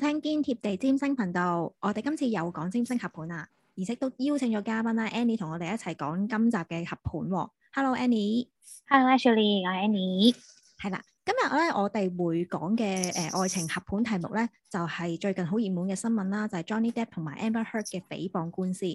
聽堅貼地占星頻道，我哋今次又講占星合盤啦，而且都邀請咗嘉賓啦。Annie 同我哋一齊講今集嘅合盤。Hello Annie，Hello Ashley，我係 Annie 係啦，今日咧我哋會講嘅誒、呃、愛情合盤題目咧，就係、是、最近好熱門嘅新聞啦，就係、是、Johnny Depp 同埋 Amber Heard 嘅誹謗官司。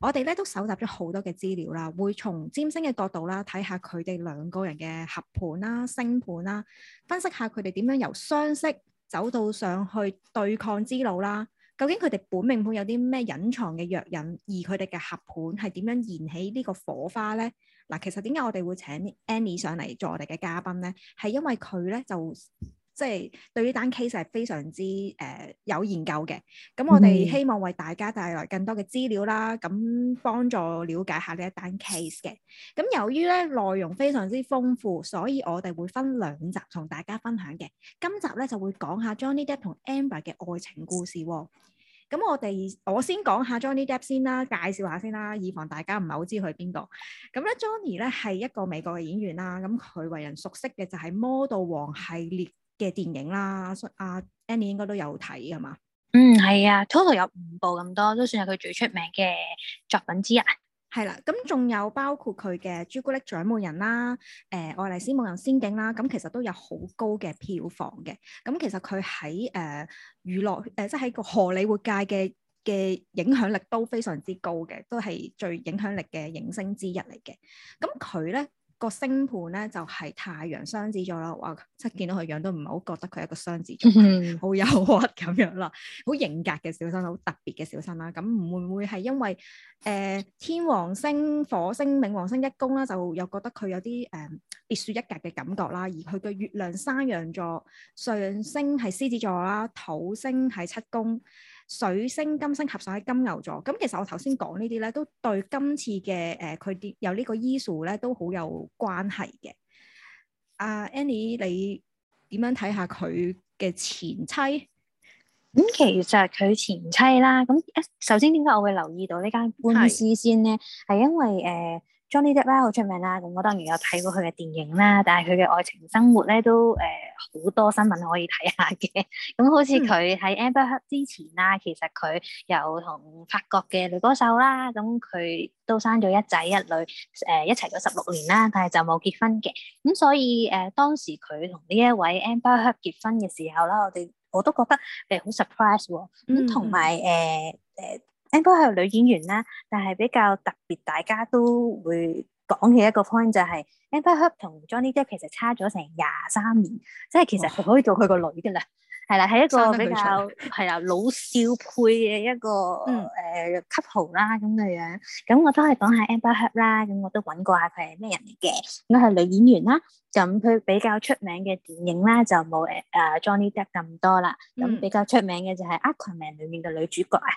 我哋咧都搜集咗好多嘅資料啦，會從占星嘅角度啦，睇下佢哋兩個人嘅合盤啦、星盤啦，分析下佢哋點樣由相識，走到上去對抗之路啦，究竟佢哋本命盤有啲咩隱藏嘅弱點，而佢哋嘅合盤係點樣燃起呢個火花咧？嗱，其實點解我哋會請 Annie 上嚟做我哋嘅嘉賓咧？係因為佢咧就。即係對於單 case 係非常之誒、呃、有研究嘅，咁我哋希望為大家帶來更多嘅資料啦，咁幫助了解下呢一單 case 嘅。咁由於咧內容非常之豐富，所以我哋會分兩集同大家分享嘅。今集咧就會講下 Johnny Depp 同 Amber 嘅愛情故事喎、哦。咁我哋我先講下 Johnny Depp 先啦，介紹下先啦，以防大家唔係好知佢邊個。咁咧 Johnny 咧係一個美國嘅演員啦，咁佢為人熟悉嘅就係《魔盜王》系列。嘅電影啦，阿、so, uh, Annie 應該都有睇㗎嘛？嗯，係啊，Total 有五部咁多，都算係佢最出名嘅作品之一。係啦，咁 仲、 啊、有包括佢嘅《朱古力獎門人》啦，誒、呃，《愛麗絲夢遊仙境》啦，咁其實都有好高嘅票房嘅。咁其實佢喺誒娛樂誒，即係喺個荷里活界嘅嘅影響力都非常之高嘅，都係最影響力嘅影星之一嚟嘅。咁佢咧。嗯啊嗯啊嗯啊個星盤咧就係、是、太陽雙子座咯，哇！即係見到佢樣都唔係好覺得佢係一個雙子座，好憂鬱咁樣啦，好型格嘅小生，好特別嘅小生啦。咁唔會唔會係因為誒、呃、天王星、火星、冥王星一宮啦，就又覺得佢有啲誒別樹一格嘅感覺啦？而佢嘅月亮山羊座，上升係獅子座啦，土星喺七宮。水星金星合上喺金牛座，咁其實我頭先講呢啲咧，都對今次嘅誒佢哋有呢個醫術咧，都好有關係嘅。阿、uh, Annie，你點樣睇下佢嘅前妻？咁、嗯、其實佢前妻啦，咁首先點解我會留意到呢間官司先咧？係是因為誒。呃 Johnny 張呢隻咧好出名啦、啊，咁我當然有睇過佢嘅電影啦，但係佢嘅愛情生活咧都誒好、呃、多新聞可以睇下嘅。咁好似佢喺 Amber Heard 之前啦，其實佢又同法國嘅女歌手啦，咁佢都生咗一仔一女，誒一齊咗十六年啦，但係就冇結婚嘅。咁所以誒當時佢同呢一位 Amber Heard 結婚嘅時候啦，我哋我都覺得誒好 surprise 喎，同埋誒誒。呃 Amber 係女演員啦，但係比較特別，大家都會講嘅一個 point，就係 Amber Heard 同 Johnny Depp，其實差咗成廿三年，即係其實佢可以做佢個女噶啦，係啦，係一個比較係啦老少配嘅一個誒 couple 啦咁嘅樣。咁我都係講下 Amber Heard 啦，咁我都揾過下佢係咩人嚟嘅，咁係女演員啦。咁佢比較出名嘅電影啦就冇誒誒 Johnny Depp 咁多啦，咁比較出名嘅就係 Aquaman 裏面嘅女主角啊。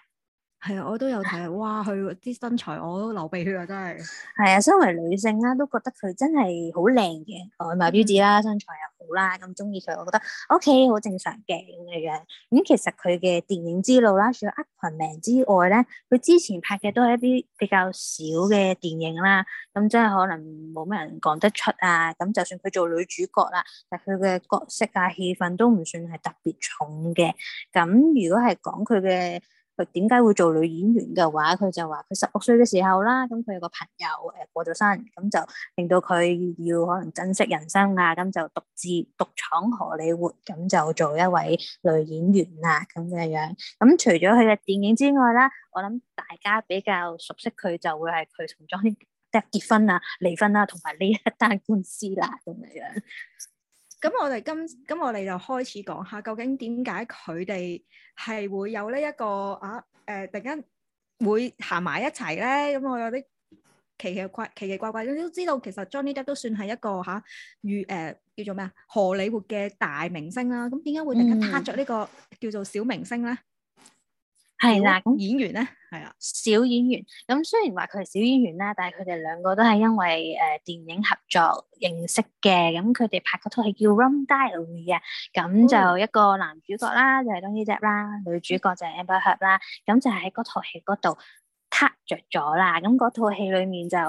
係啊，我都有睇，哇！佢啲身材，我都流鼻血啊，真係。係啊，身為女性啦，都覺得佢真係好靚嘅，外貌標致啦，Z, 身材又好啦，咁中意佢，我覺得 O K，好正常嘅咁嘅樣。咁、嗯、其實佢嘅電影之路啦，除咗 Aquaman 之外咧，佢之前拍嘅都係一啲比較少嘅電影啦。咁即係可能冇咩人講得出啊。咁就算佢做女主角啦，但係佢嘅角色啊、戲份都唔算係特別重嘅。咁如果係講佢嘅。佢點解會做女演員嘅話，佢就話佢十六歲嘅時候啦，咁佢有個朋友誒過咗身，咁就令到佢要可能珍惜人生啊，咁就獨自獨闖荷里活，咁就做一位女演員啊，咁樣樣。咁除咗佢嘅電影之外啦，我諗大家比較熟悉佢就會係佢同 Johnny Depp 結婚啊、離婚啦，同埋呢一單官司啦，咁樣樣。咁我哋今今我哋就開始講下，究竟點解佢哋係會有呢、這、一個啊？誒、呃，突然間會行埋一齊咧。咁、嗯、我有啲奇奇怪奇奇怪怪，你都知道其實 Johnny Depp 都算係一個嚇，與、啊、誒、呃、叫做咩啊荷里活嘅大明星啦。咁點解會突然間撻著呢、這個、嗯、叫做小明星咧？係啦，咁演員咧，係啊，小演員。咁雖然話佢係小演員啦，但係佢哋兩個都係因為誒電影合作認識嘅。咁佢哋拍嗰套戲叫《Rum Diary》嘅，咁就一個男主角啦，就係 Johnny Depp 啦，女主角就係 Amber Heard 啦。咁就喺嗰套戲嗰度。拍着咗啦，咁嗰套戲裏面就誒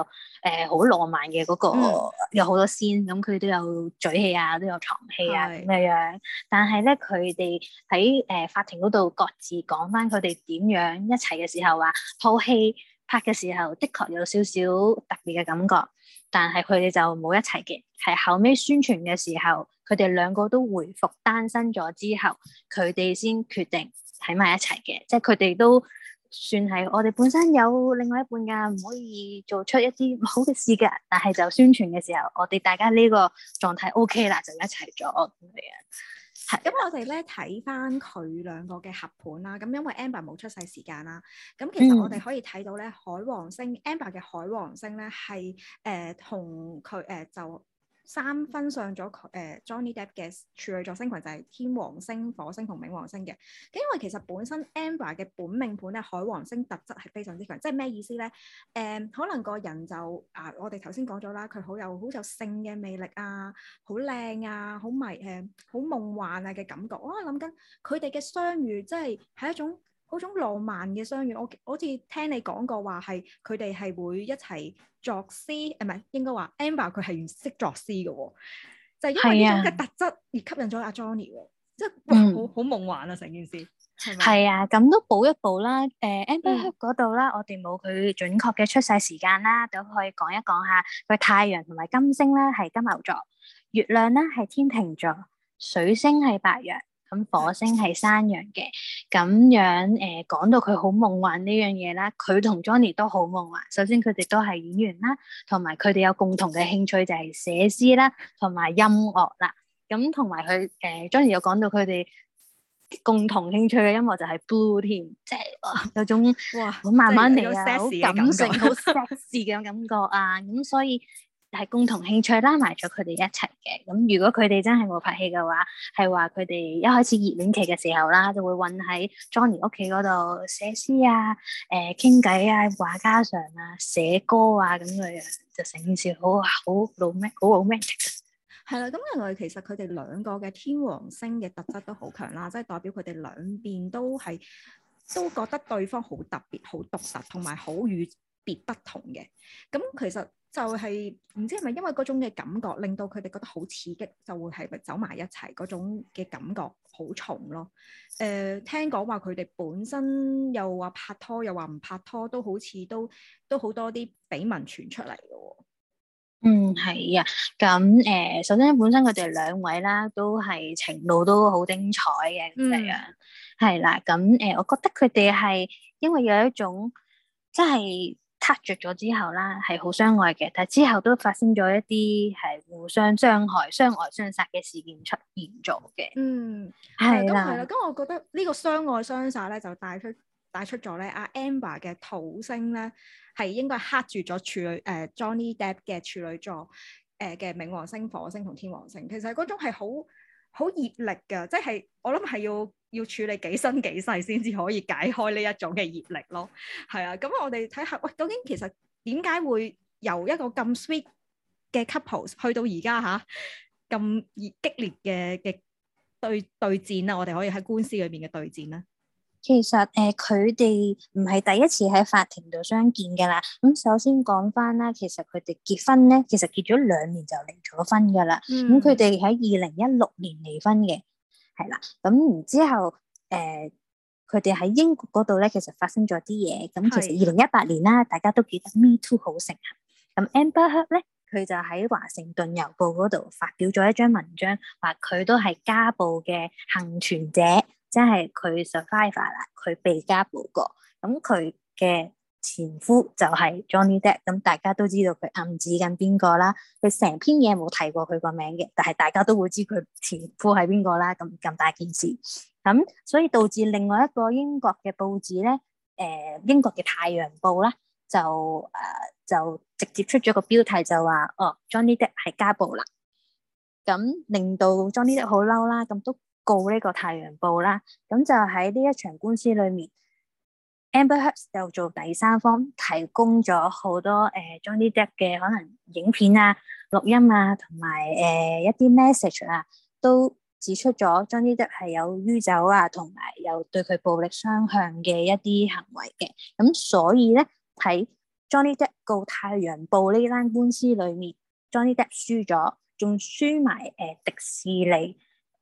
好、呃、浪漫嘅嗰、嗰個，嗯、有好多仙、嗯，咁佢都有嘴戲啊，都有床戲啊咁是樣。但係咧，佢哋喺誒法庭嗰度各自講翻佢哋點樣一齊嘅時候，話套戲拍嘅時候的確有少少特別嘅感覺。但係佢哋就冇一齊嘅，係後尾宣傳嘅時候，佢哋兩個都回復單身咗之後，佢哋先決定喺埋一齊嘅，即係佢哋都。算係我哋本身有另外一半噶，唔可以做出一啲唔好嘅事噶。但係就宣傳嘅時候，我哋大家呢個狀態 O K 啦，就一齊咗。咁我哋咧睇翻佢兩個嘅合盤啦。咁因為 Amber 冇出世時間啦，咁其實我哋可以睇到咧、嗯、海王星 Amber 嘅海王星咧係誒同佢誒就。三分上咗佢誒 Johnny Depp 嘅處女座星群就係、是、天王星、火星同冥王星嘅，咁因為其實本身 Amber 嘅本命盤咧海王星特質係非常之強，即係咩意思咧？誒、嗯、可能個人就啊，我哋頭先講咗啦，佢好有好有性嘅魅力啊，好靚啊，好迷誒，好、啊、夢幻啊嘅感覺。我諗緊佢哋嘅相遇、就是，即係係一種。嗰種浪漫嘅相遇，我好似聽你講過話係佢哋係會一齊作詩，誒唔係應該話，Amber 佢係識作詩嘅喎，就係、是、因為呢種嘅特質而吸引咗阿 Johnny 喎，即係、啊、好好夢幻啊成、嗯、件事，係咪？係啊，咁都補一補啦。誒，Amber 嗰度啦，嗯嗯、我哋冇佢準確嘅出世時間啦，等可以講一講一下佢太陽同埋金星咧係金牛座，月亮咧係天秤座，水星係白羊。咁火星係山羊嘅，咁樣誒講、呃、到佢好夢幻呢樣嘢啦，佢同 Johnny 都好夢幻。首先佢哋都係演員啦，同埋佢哋有共同嘅興趣就係寫詩啦，同埋音樂啦。咁同埋佢誒，Johnny 又講到佢哋共同興趣嘅音樂就係 blue 添，即係有種哇，好慢慢嚟啊，好感性，好 sexy， 好 sexy 嘅感覺啊。咁、嗯、所以。係共同興趣拉埋咗佢哋一齊嘅，咁、啊、如果佢哋真係冇拍戲嘅話，係話佢哋一開始熱戀期嘅時候啦，就會混喺 Johnny 屋企嗰度寫詩啊，誒、呃，傾偈啊，話家常啊，寫歌啊，咁樣樣就成件事好啊，好浪漫，好 romantic 係啦，咁另外其實佢哋兩個嘅天王星嘅特質都好強啦，即係代表佢哋兩邊都係都覺得對方好特別、好獨特，同埋好與別不同嘅。咁其實。就係，是，唔知係咪因為嗰種嘅感覺，令到佢哋覺得好刺激，就會係咪走埋一齊嗰種嘅感覺好重咯？誒、呃，聽講話佢哋本身又話拍拖，又話唔拍拖，都好似都都好多啲緋聞傳出嚟嘅喎。嗯，係啊。咁誒、呃，首先本身佢哋兩位啦，都係情路都好精彩嘅咁，就是，樣。係啦，嗯。咁誒、啊、呃，我覺得佢哋係因為有一種即係。就是黑着咗之後啦，係好相愛嘅，但係之後都發生咗一啲係互相傷害，傷害相愛相殺嘅事件出現咗嘅。嗯，係咁係啦，咁我覺得個傷呢個相愛相殺咧，就帶出帶出咗咧阿 Amber 嘅土星咧，係應該黑住咗處女誒、呃、Johnny Depp 嘅處女座誒嘅、呃、冥王星、火星同天王星，其實嗰種係好。好業力㗎，即係我諗係要要處理幾生幾世先至可以解開呢一種嘅業力咯，係啊，咁我哋睇下，喂，究竟其實點解會由一個咁 sweet 嘅 couple 去到而家嚇咁熱激烈嘅嘅對對戰啦？我哋可以喺官司裏面嘅對戰咧。其實誒，佢哋唔係第一次喺法庭度相見噶啦。咁、嗯、首先講翻啦，其實佢哋結婚咧,其實結咗兩年就離咗婚噶啦。咁佢哋喺二零一六年離婚嘅，係啦。咁、嗯、然之後誒，佢哋喺英國嗰度咧，其實發生咗啲嘢。咁的其實二零一八年啦，大家都記得 Me Too 好、嗯、盛行。咁 Amber Heard 咧，佢就喺華盛頓郵報嗰度發表咗一張文章，話佢都係家暴嘅幸存者。即係佢 survivor 啦，佢被家暴過，咁佢嘅前夫就係 Johnny Depp，咁大家都知道佢暗指緊邊個啦，佢成篇嘢冇提過佢個名嘅，但係大家都會知佢前夫係邊個啦，咁咁大件事，咁所以導致另外一個英國嘅報紙咧，誒、呃、英國嘅太陽報啦，就誒、呃、就直接出咗個標題就話哦 Johnny Depp 係家暴啦，咁令到 Johnny Depp 好嬲啦，咁都。告呢個太陽報啦，咁就喺呢一場官司裏面，Amber Heard 就做第三方提供咗好多誒 Johnny Depp 嘅可能影片啊、錄音啊，同埋誒一啲 message 啊，都指出咗 Johnny Depp 係有酗酒啊，同埋有對佢暴力相向嘅一啲行為嘅。咁所以咧喺 Johnny Depp 告太陽報呢單官司裏面，Johnny Depp 輸咗，仲輸埋誒迪士尼。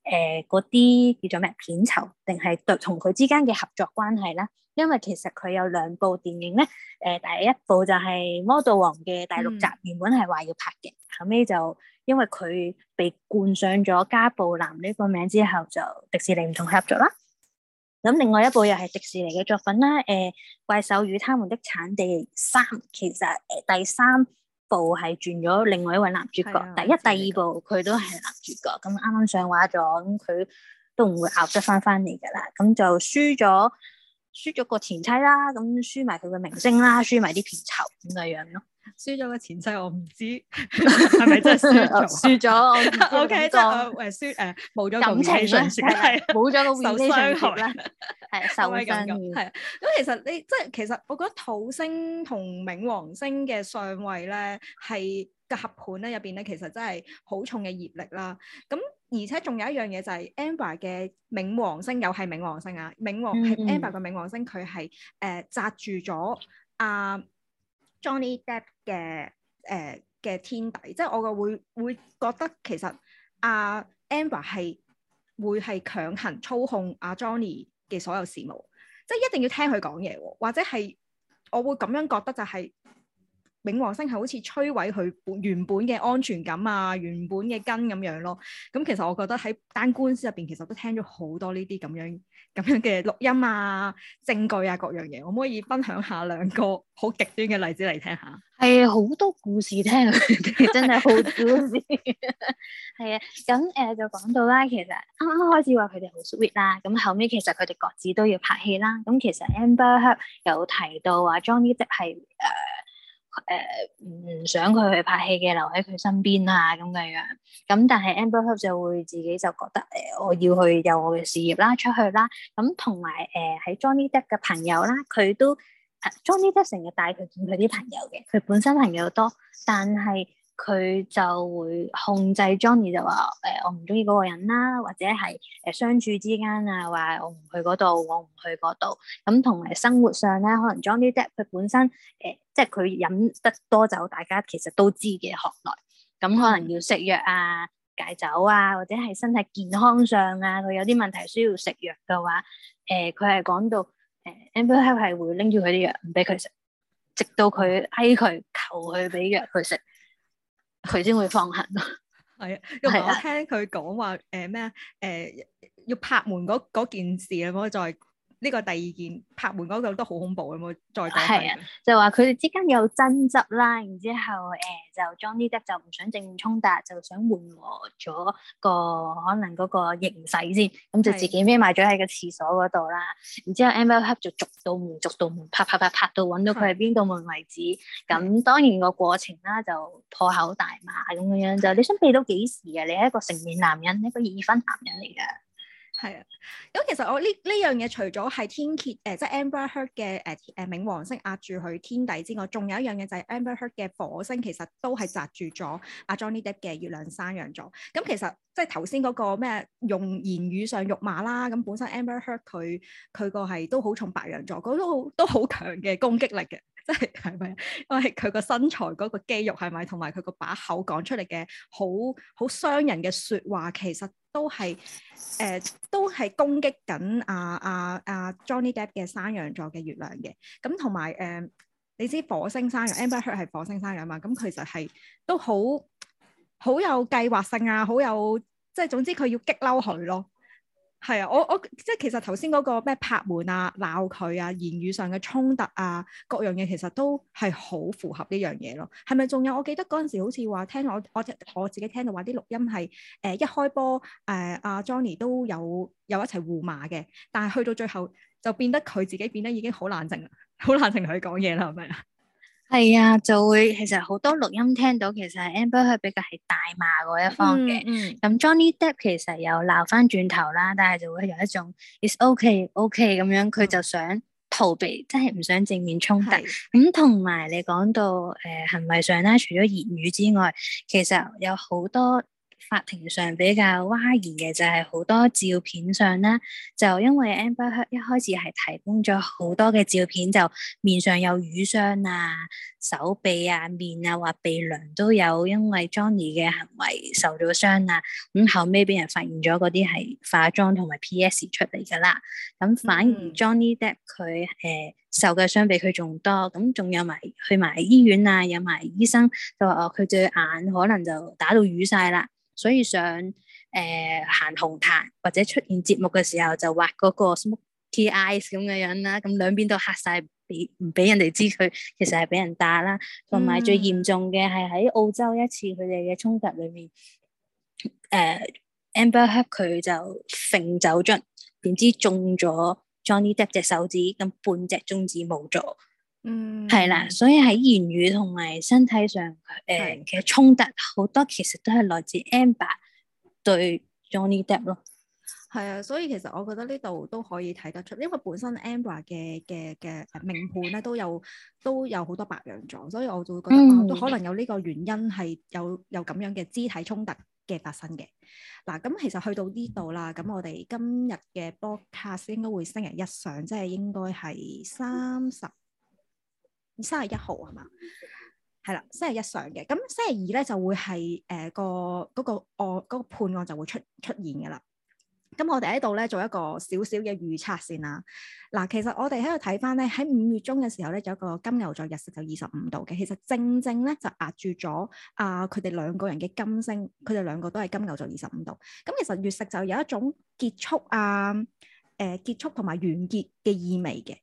誒，嗰啲，呃、叫做咩片酬，定係同佢之間嘅合作關係啦？因為其實佢有兩部電影咧，誒、呃，第一部就係、是《魔盜王》嘅第六集，嗯，原本係話要拍嘅，後尾就因為佢被冠上咗家暴男呢，這個名之後，就迪士尼唔同合作啦。咁另外一部又係迪士尼嘅作品啦，誒、呃，《怪獸與他們的產地三》，其實誒、呃、第三。部係轉咗另外一位男主角，啊、第一、啊、第二部佢都係男主角，咁啱啱上畫咗，咁佢、啊嗯、都唔會拗得翻翻嚟噶啦，咁、嗯、就輸咗，輸咗個前妻啦，咁、嗯、輸埋佢嘅名聲啦，輸埋啲片酬咁嘅樣咯。輸咗個前世我唔知係咪 真係輸咗？輸咗 ，O，K，即係誒輸誒冇咗感情，係冇咗個 受傷學咧，係受咁樣係。咁、 嗯、其實你即係其實，我覺得土星同冥王星嘅相位咧，係個合盤咧入邊咧，其實真係好重嘅業力啦。咁而且仲有一樣嘢就係 a m b e r 嘅冥王星又係冥王星啊，冥王係 Amber 嘅冥王星，佢係誒紮住咗阿 Johnny Depp，啊嗯嗯嘅誒嘅天底，即係我個會會覺得其實阿 Amber 係會係強行操控阿 Johnny 嘅所有事務，即係一定要聽佢講嘢，或者係我會咁樣覺得就係。冥王星係好似摧毀佢原本嘅安全感啊，原本嘅根咁樣咯。咁其實我覺得喺單官司入邊，其實都聽咗好多呢啲咁樣咁樣嘅錄音啊、證據啊各樣嘢。可唔可以分享下兩個好極端嘅例子嚟聽下？係好多故事聽，真係好多故事。係啊， 咁誒、呃、就講到啦。其實啱啱開始話佢哋好 sweet 啦，咁後尾其實佢哋各自都要拍戲啦。咁其實 Amber Heard 有提到啊 Johnny Depp、就、係、是、誒。誒，唔、呃、想佢去拍戲嘅，留喺佢身邊啊，咁嘅樣。咁但係 Amber Heard 就會自己就覺得，誒、呃，我要去有我嘅事業啦，出去啦。咁同埋誒，喺、呃、Johnny Depp 嘅朋友啦，佢都、啊、Johnny Depp 成日帶佢見佢啲朋友嘅，佢本身朋友多，但係。佢就會控制 Johnny 就話誒、呃、我唔中意嗰個人啦，或者係誒、呃、相處之間啊，話我唔去嗰度，我唔去嗰度。咁、嗯嗯、同埋生活上咧，可能 Johnny Depp 佢本身誒、呃、即係佢飲得多酒，大家其實都知嘅行內。咁可能要食藥啊、解酒啊，或者係身體健康上啊，佢有啲問題需要食藥嘅話，誒佢係講到誒 Amber Heard 係會拎住佢啲藥唔俾佢食，直到佢哀佢求佢俾藥佢食。嗯 佢先會放行咯，係啊。因為我聽佢講話，誒咩啊？誒、呃呃、要拍門嗰件事啊，我再。呢個第二件拍門嗰度都好恐怖，有冇再講？係啊，就話佢哋之間有爭執啦，然之後誒就裝啲得，就唔想正面衝突，就想緩和咗個可能嗰個形勢先，咁就自己孭埋咗喺個廁所嗰度啦。的然之後 Amber Heard 就逐道門逐道門拍拍拍拍，拍，拍到揾到佢喺邊道門為止。咁的當然個過程啦就破口大罵咁樣就，的你想避到幾時啊？你係一個成年男人，一個已婚男人嚟噶。係啊，咁其實我呢呢樣嘢除咗係天蠍誒，即、呃、係、就是、Amber Heard 嘅誒誒、呃、冥王星壓住佢天底之外，仲有一樣嘢就係 Amber Heard 嘅火星，其實都係夾住咗阿 Johnny Depp 嘅月亮山羊座。咁、嗯、其實。即係頭先嗰個咩用言語上辱罵啦，咁本身 Amber Heard 佢佢個係都好重白羊座，嗰都好都好強嘅攻擊力嘅，即係係咪？因為佢個身材嗰個肌肉係咪，同埋佢個把口講出嚟嘅好好傷人嘅説話，其實都係誒、呃、都係攻擊緊阿、啊、阿阿、啊啊、Johnny Depp 嘅山羊座嘅月亮嘅。咁同埋誒，你知火星山羊 Amber Heard 係火星山羊啊嘛，咁其實係都好。好有計劃性啊！好有即係總之佢要激嬲佢咯，係啊！我我即係其實頭先嗰個咩拍門啊、鬧佢啊、言語上嘅衝突啊，各樣嘢其實都係好符合呢樣嘢咯。係咪仲有？我記得嗰陣時好似話聽我我我自己聽到話啲錄音係誒、呃、一開波誒阿、呃啊、Johnny 都有有一齊互罵嘅，但係去到最後就變得佢自己變得已經好冷靜啦，好冷靜同佢講嘢啦，係咪啊？係啊，就會其實好多錄音聽到，其實係 Amber 佢比較係大罵嗰一方嘅。咁、嗯嗯、Johnny Depp 其實又鬧翻轉頭啦，但係就會有一種 It's okay, okay 咁樣，佢、嗯、就想逃避，即係唔想正面衝突。咁同埋你講到誒、呃、行為上啦，除咗言語之外，其實有好多。法庭上比較嘩然嘅就係好多照片上啦。就因為 Amber Heard 一開始係提供咗好多嘅照片，就面上有瘀傷啊，手臂啊，面啊，話鼻梁都有因為 Johnny 嘅行為受咗傷啊。咁後尾俾人發現咗嗰啲係化妝同埋 PS 出嚟噶啦。咁反而 Johnny Depp 佢誒、嗯呃、受嘅傷比佢仲多，咁仲有埋去埋醫院啊，有埋醫生就話哦，佢對眼可能就打到瘀晒啦。所以想誒行、呃、紅毯或者出現節目嘅時候，就畫嗰個 smoky eyes 咁嘅樣啦。咁兩邊都黑晒，俾唔俾人哋知佢其實係俾人打啦。同埋最嚴重嘅係喺澳洲一次佢哋嘅衝突裏面，誒、呃、Amber Heard 佢就揈酒樽，點知中咗 Johnny Depp 隻手指，咁半隻中指冇咗。嗯，係啦，所以喺言語同埋身體上，誒、呃，其實衝突好多，其實都係來自 Amber 對 Johnny Depp 咯。係啊，所以其實我覺得呢度都可以睇得出，因為本身 Amber 嘅嘅嘅命盤咧都有都有好多白羊座，所以我就會覺得都可能有呢個原因係有有咁樣嘅肢體衝突嘅發生嘅。嗱、嗯，咁其實去到呢度啦，咁我哋今日嘅波卡應該會星期一上，即、就、係、是、應該係三十。三十一號係嘛？係啦，星期一上嘅，咁星期二咧就會係誒、呃那個個案、那個判案就會出出現噶啦。咁我哋喺度咧做一個小小嘅預測先啦。嗱，其實我哋喺度睇翻咧，喺五月中嘅時候咧有一個金牛座日食，就二十五度嘅，其實正正咧就壓住咗啊佢哋兩個人嘅金星，佢哋兩個都係金牛座二十五度。咁其實月食就有一種結束啊，誒、呃、結束同埋完結嘅意味嘅。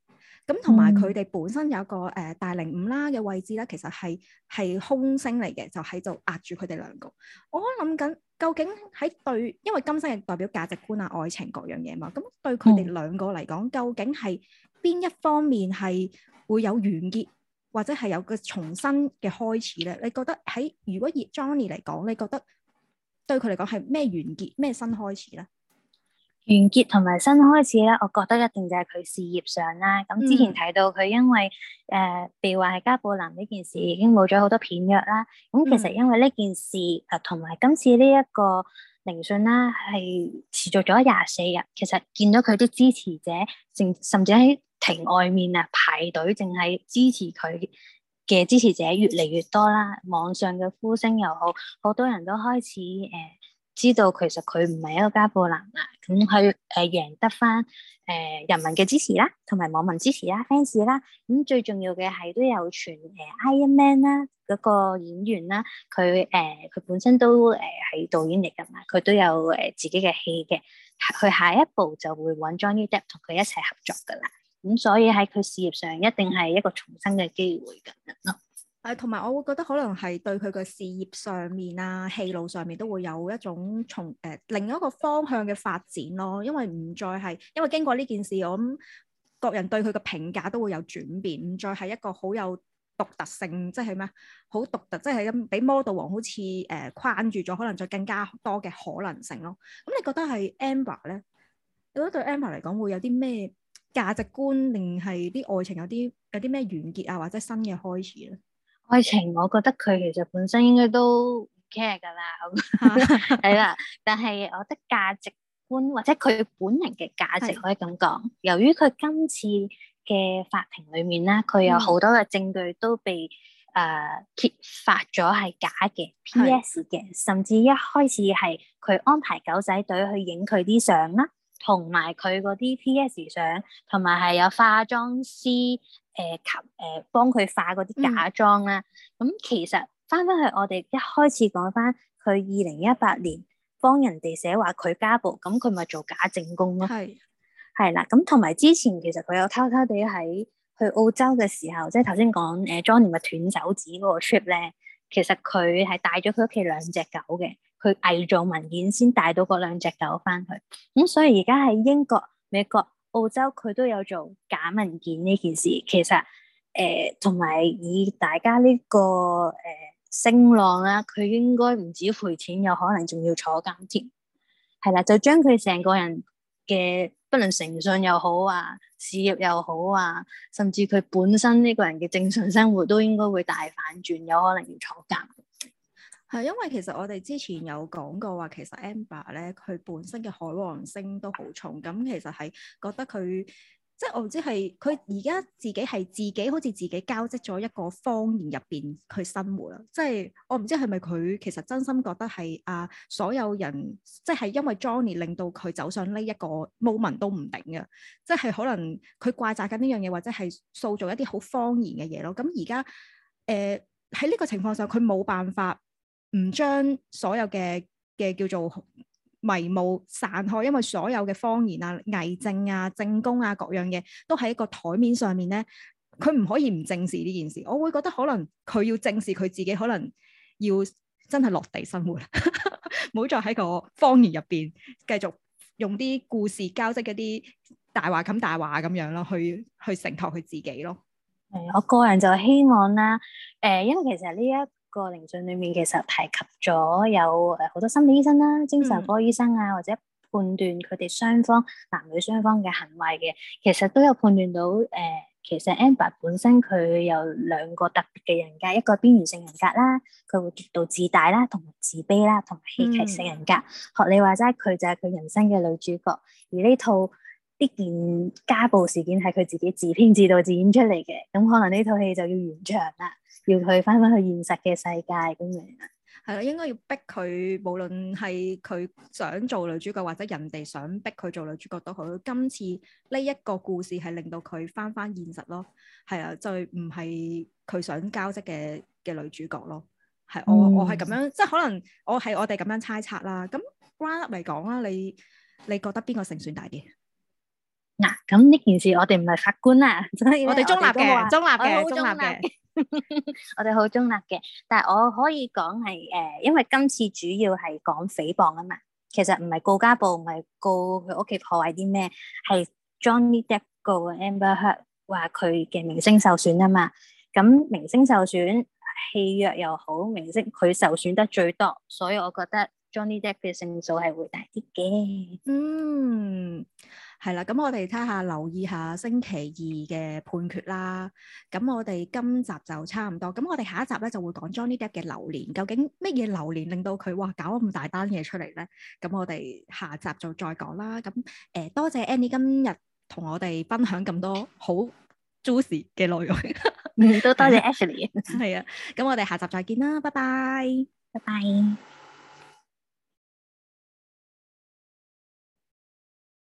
咁同埋佢哋本身有一個誒大零五啦嘅位置咧，其實係係空星嚟嘅，就喺度壓住佢哋兩個。我諗緊究竟喺對，因為金星係代表價值觀啊、愛情各樣嘢嘛。咁對佢哋兩個嚟講，究竟係邊一方面係會有完結，或者係有個重新嘅開始咧？你覺得喺如果以 Johnny 嚟講，你覺得對佢嚟講係咩完結、咩新開始咧？完結同埋新開始咧，我覺得一定就係佢事業上啦。咁之前睇到佢因為誒被話係加布林呢件事已經冇咗好多片約啦。咁其實因為呢件事同埋、嗯呃、今次呢一個聆訊啦，係持續咗廿四日。其實見到佢啲支持者，甚甚至喺庭外面啊排隊淨係支持佢嘅支持者越嚟越多啦。網上嘅呼聲又好，好多人都開始誒。呃知道其實佢唔係一個家暴男啊，咁佢誒贏得返誒、呃、人民嘅支持啦，同埋網民支持啦，fans 啦，咁、嗯、最重要嘅係都有傳誒、呃、Iron Man 啦嗰、那個演員啦，佢誒佢本身都誒係、呃、導演嚟噶嘛，佢都有誒、呃、自己嘅戲嘅，佢下一步就會揾 Johnny Depp 同佢一齊合作噶啦，咁、嗯、所以喺佢事業上一定係一個重生嘅機會咁樣咯。誒，同埋我會覺得可能係對佢個事業上面啊、戲路上面都會有一種從誒、呃、另一個方向嘅發展咯。因為唔再係，因為經過呢件事，我諗各人對佢嘅評價都會有轉變，唔再係一個好有獨特性，即係咩好獨特，即係咁俾魔盜王好似誒、呃、框住咗，可能再更加多嘅可能性咯。咁、嗯、你覺得係 Amber 咧？你覺得對 Amber 嚟講會有啲咩價值觀，定係啲愛情有啲有啲咩完結啊，或者新嘅開始咧？愛情，我覺得佢其實本身應該都唔 care 噶啦，係啦。 但係我覺得價值觀或者佢本人嘅價值的可以咁講。由於佢今次嘅法庭裡面咧，佢有好多嘅證據都被誒、呃、揭發咗係假嘅、P.S. 嘅，的甚至一開始係佢安排狗仔隊去影佢啲相啦，同埋佢嗰啲 P.S. 相，同埋係有化妝師。誒及誒幫佢化嗰啲假裝啦，咁、嗯、其實翻返去我哋一開始講翻佢二零一八年幫人哋寫話佢家暴，咁佢咪做假證供咯？係係是啦，咁同埋之前其實佢有偷偷地喺去澳洲嘅時候，即係頭先講誒，Johnny 咪斷手指嗰個 trip 咧，其實佢係帶咗佢屋企兩隻狗嘅，佢偽造文件先帶到嗰兩隻狗翻去，咁、嗯、所以而家喺英國、美國。澳洲佢都有做假文件呢件事，其實誒，同、呃、埋以大家呢、這個誒、呃、聲浪啦、啊，佢應該唔止賠錢，有可能仲要坐監添，係啦，就將佢成個人嘅不論誠信又好啊，事業又好啊，甚至佢本身呢個人嘅正常生活都應該會大反轉，有可能要坐監。係，因為其實我哋之前有講過話，其實 Amber 咧，佢本身嘅海王星都好重，咁、嗯、其實係覺得佢即係我唔知係佢而家自己係自己好似自己交織咗一個謊言入邊去生活啊，即係我唔知係咪佢其實真心覺得係啊，所有人即係因為 Johnny 令到佢走上呢一個 moment 都唔定嘅，即係可能佢怪責緊呢樣嘢，或者係塑造一啲好謊言嘅嘢咯。咁而家誒喺呢個情況上，佢冇辦法。唔將所有嘅嘅叫做迷霧散開，因為所有嘅謊言啊、偽證啊、證供啊，各樣嘢，都喺一個台面上面咧，佢唔可以唔正視呢件事。我會覺得可能佢要正視佢自己，可能要真係落地生活，唔 好再喺個謊言入邊繼續用啲故事交織一啲大話咁大話咁樣咯，去去承托佢自己咯。誒、嗯，我個人就希望啦，誒、呃，因為其實呢一個聆訊裏面其實提及咗有誒好多心理醫生啦、啊、精神科醫生啊，或者判斷佢哋雙方男女雙方嘅行為嘅，其實都有判斷到誒、呃，其實 Amber 本身佢有兩個特別嘅人格，一個邊緣性人格啦，佢會極度自大啦，同埋自卑啦，同埋戲劇性人格。學、嗯、你話齋，佢就係佢人生嘅女主角，而呢套。呢件家暴事件係佢自己自編自導自演出嚟嘅，咁可能呢套戲就要完場啦，要佢翻翻去現實嘅世界咁樣。係咯，應該要逼佢，無論係佢想做女主角，或者人哋想逼佢做女主角都好。今次呢一個故事係令到佢翻翻現實咯，係啊，就唔係佢想交織嘅嘅女主角咯。係我、嗯、我係咁樣，即係可能我係我哋咁樣猜測啦。咁關立嚟講啦，你你覺得邊個勝算大啲？嗱，咁呢件事我哋唔係法官啦，所以我哋中立嘅，中立嘅，中立嘅。我哋好中立嘅，但係我可以講係誒，因為今次主要係講誹謗啊嘛。其實唔係告家暴，唔係告佢屋企破壞啲咩，係 Johnny Depp 告 Amber Heard 話佢嘅明星受損啊嘛。咁明星受損，戲約又好，明星佢受損得最多，所以我覺得 Johnny Depp 嘅勝數係會大啲嘅。嗯。係啦，咁我哋睇下留意下星期二嘅判決啦。咁我哋今集就差唔多，咁我哋下一集咧就會講 Johnny Depp 嘅流年，究竟乜嘢流年令到佢哇搞咁大單嘢出嚟咧？咁我哋下集就再講啦。咁誒、呃，多謝 Annie 今日同我哋分享咁多好 juicy 嘅內容。 嗯，都多謝 Ashley。係啊， 咁我哋下集再見啦，拜拜，拜拜。